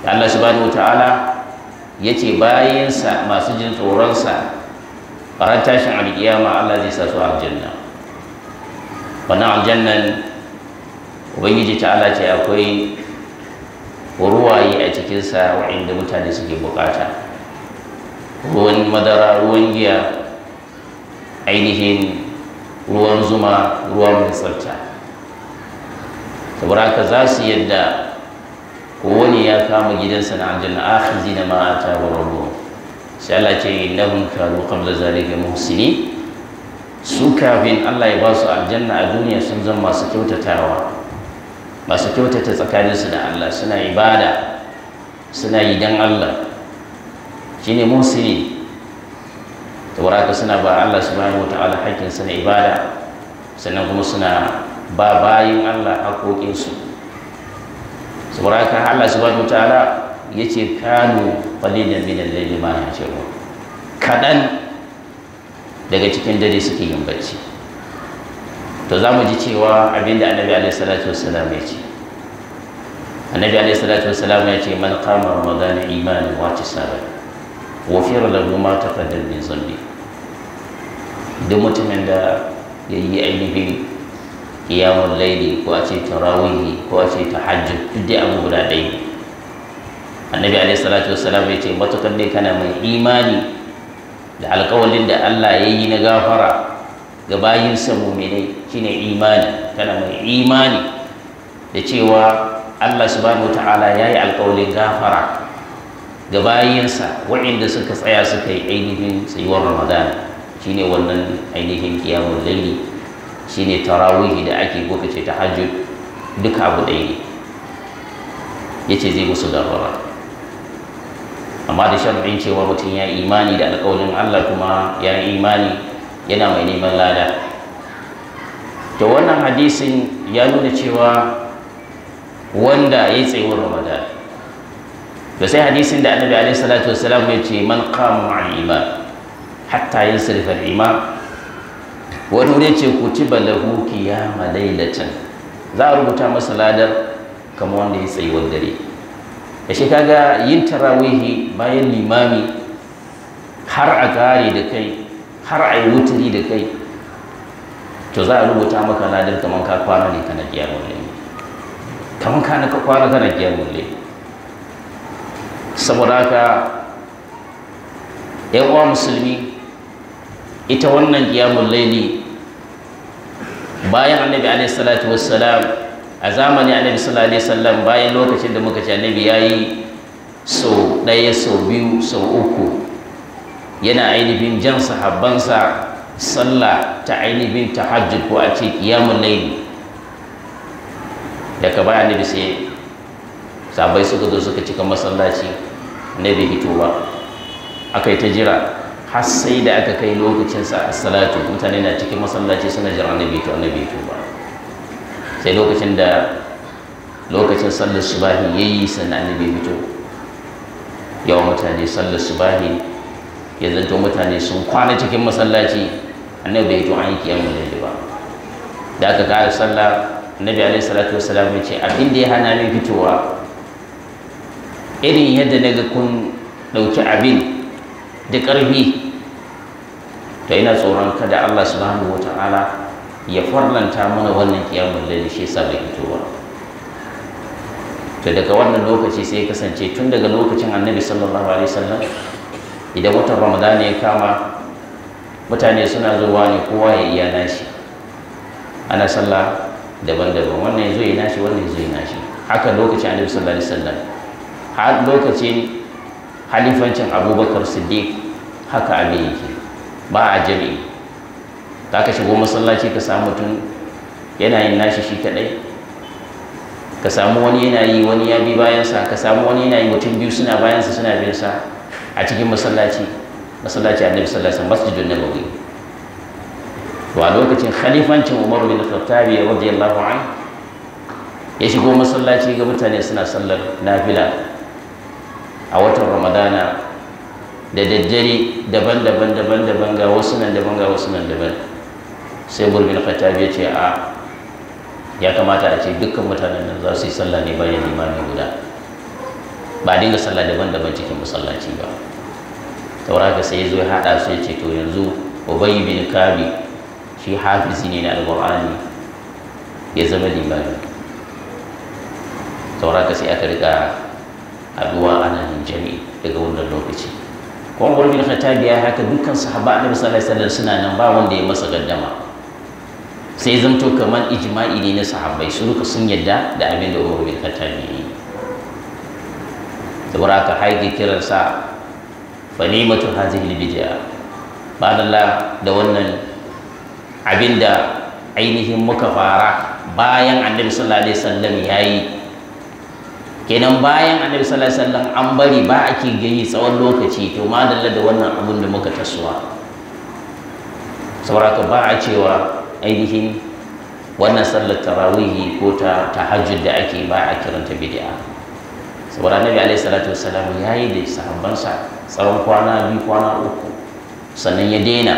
Allah subhanahu Ala ya ce bayansa masu jin tsoronsa a ran tashin alkiyama Allah zai sa su aljanna wannan aljannan ubangiji ta'ala ce akwai ruwaye a cikinsa wa'inda mutane suke bukata ruwan madara ruwan giya ainihin ruwan zuma ruwan mai tsarta saboda haka za su yadda wani ya kama gidansa na aljanna akhizi na ma'ata wa rabu sai Allah ce innahum kanu qabla zalika muhsini su kafin Allah ya ba su aljanna a duniya sun zama masu kyautatawa masu kyautata tsakaninsu da Allah suna ibada suna yi dan Allah shine muhsini tabaraka suna ba Allah subhanahu wataala hakkin suna ibada sannan kuma suna ba bayin Allah haƙoƙinsu saboda haka Allah subhanahu wataala yace kanu qalilan min al-layli ma yahjurun kadan daga cikin dare suke yin bacci to za mu ji cewa abinda annabi alaihi salatu wassalam ya ce annabi alaihi salatu wassalam ya ce man qama ramadan imanan wa tisaba wafira lahu ma taqaddama min zambi duk mutumin da yayi ainihin Kiyamun layli ko a ce tarawihi ko a ce tahajjud duk dai abu guda ɗaya annabi alaihi salatu wassalam ya ce matukar dai kana mai imani da alkawalin da Allah ya yi na gafara ga bayinsa shi shine imani kana mai imani da cewa Allah subhanahu ta'ala ya yi alkawalin gafara ga bayinsa waɗanda suka tsaya suka yi ainihin tsayuwar ramadan shine wannan ainihin kiyamun laili shine tarawihi da ake ko kace tahajjud duka abu ɗaya ne yace zai musu darura amma da shar'in cewa mutum ya imani da alƙawarin Allah kuma ya imani yana mai neman lada to wannan hadisin ya nuna cewa wanda ya tsayuwar ramadan to sai hadisin da annabi alaihi salatu wasalam ya ce man qama al iman hatta yansarifa al iman wani wuri ce kutiba lahu qiyama laylatan za a rubuta masa ladar kamar wanda ya wa dare shi kaga yin tarawihi bayan limami har a gare da kai har a yi wuturi da kai to za a rubuta maka ladar kamar ka kwana ne kana kiyamun mulle kamar ka ka kwana kana kiyamun mulle saboda haka yan uwa musulmi ita wannan kiyamun laili bayan annabi alaihi salatu wassalam a zamanin annabi sallallahu alaihi bayan lokacin da muka ci annabi yayi sau ɗaya sau biyu sau uku yana ainihin jan sahabbansa sallah ta ainihin tahajjud ko a ce kiyamun laili daga baya annabi sai sabai suka zo suka cika masallaci annabi hito ba aka yi ta jira har sai da aka kai lokacin sa salatu mutane na cikin masallaci suna jira annabi to annabi to ba sai lokacin da lokacin sallar subahi yayi sannan annabi fito yawan mutane sallar subahi ya zanto mutane sun kwana cikin masallaci annabi bai to an yi kiyamun lalle ba da aka kara sallah annabi alaihi salatu wassalam ya ce abin da ya hana ni fitowa irin yadda na ga kun ɗauki abin da ƙarfi to ina tsoron kada Allah subhanahu wata'ala ya farlanta mana wannan kiyamun da shi sa da fito to daga wannan lokaci sai kasance tun daga lokacin annabi sallallahu alaihi wasallam idan watan ramadan ya kama mutane suna zuwa ne kowa ya iya nashi ana sallah daban-daban wannan ya zo ya nashi wannan ya zo ya nashi haka lokacin annabi sallallahu alaihi wasallam har lokacin halifancin abubakar siddiq haka abin yake ba a jami'i za ka shigo masallaci ka samu mutum yana yin nashi shi kadai ka samu wani yana yi wani ya bi bayansa ka samu wani yana yi mutum biyu suna bayansa suna bin sa a cikin masallaci masallaci annabi sallallahu alaihi wasallam masjidun nabawi wa lokacin khalifancin umar bin khattab radiyallahu anhu ya shigo masallaci ga mutane suna sallar nafila a watan ramadana da daddare daban-daban daban-daban ga wasu nan daban ga wasu nan daban sai burbin khattab ya ce a ya kamata a ce dukkan mutanen nan za su yi sallah ne bayan limami guda ba dinga sallah daban-daban cikin masallaci ba tauraka sai ya zo ya haɗa su ya ce to yanzu ubayy bin kabi shi hafizi ne na alqur'ani ya zama limami tauraka sai aka riga haduwa ana yin jami'i daga wannan lokaci kuma umar na ta biya haka dukkan sahaba annabi sallallahu alaihi wasallam suna nan ba wanda ya masa gaddama sai zanto kamar ijma'i ne na sahabbai su ruka sun yadda da abin da umar bin khattab ya yi saboda haka haike kiransa fanimatu hadhihi Ba ba'dallah da wannan abin da ainihin muka fara bayan annabi sallallahu alaihi wasallam yayi kenan bayan annabi sallallahu alaihi wasallam an bari ba a ake gani tsawon lokaci to ma da wannan abun da muka tasowa saboda ba a cewa ainihin wannan sallar tarawihi ko ta tahajjud da ake ba a kiranta bid'a saboda annabi alaihi salatu wasallam yayi da sahabbansa tsawon kwana biyu kwana uku sannan ya daina